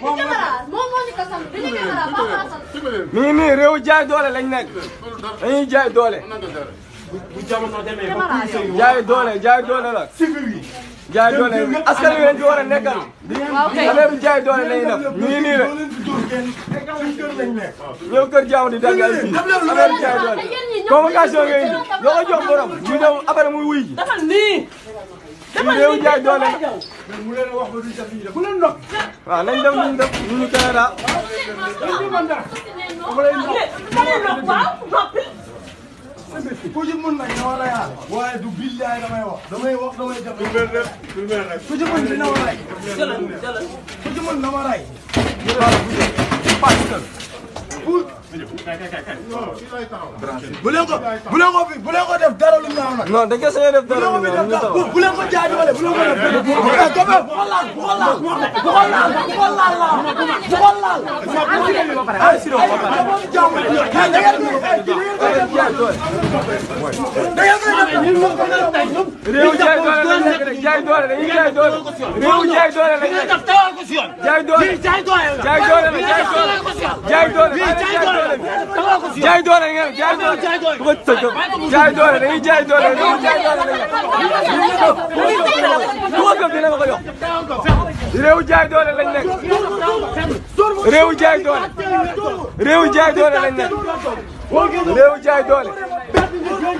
moom moo ñu ko sant bi ñu caméra ba ma sant. mi jaay doole lañ nekk dañuy jaay doole. bu jamono demee ba police jaay doole jaay doole la. jaay doole askan wi leen di war a nekkal. waaw kay affaire jaay doole lañuy def mi ngi nii rek. ñëw kër jaamu di daggal fii affaire jaay doole. convocation ngay indi loo ko jox borom ñu dem affaire muy wuy dama réew jaay doole nañ dem ñu def ñu ñu Canada ñu mën dara bu ku ci mën nag na war a yaar waaye du billaay damay na damay wax damay def ku ci mën dina war a rey ku ci na war a bu leen ko bu leen ko fi bu leen ko def dara lu ñaaw nag. non da ngeen sañ def dara lu ñaaw bu leen ko jaajëfale bu leen ko def. bu ko laal bu ko laal bu ko laal bu ko laal laal bu ko laal. ay si doon ba pare ay da ngeen koy da ngeen koy def. da ngeen koy def. jaay doole la ñuy jaay doole. réew jaay doole la ñuy def tawal ko si yoon. jaay doole lii jaay doole la. jaay doole la jaay doole jaay doole la jaay doole la tawal ko si yoon. jaay doole ngeen jaay doole jaay doole. jaay doole dañuy jaay doole ñoom jaay doole la ñu. ko gëm dina ma ko yokk. réew jaay doole lañ nekk. réew jaay doole. réew jaay doole lañ nekk. réew jaay doole.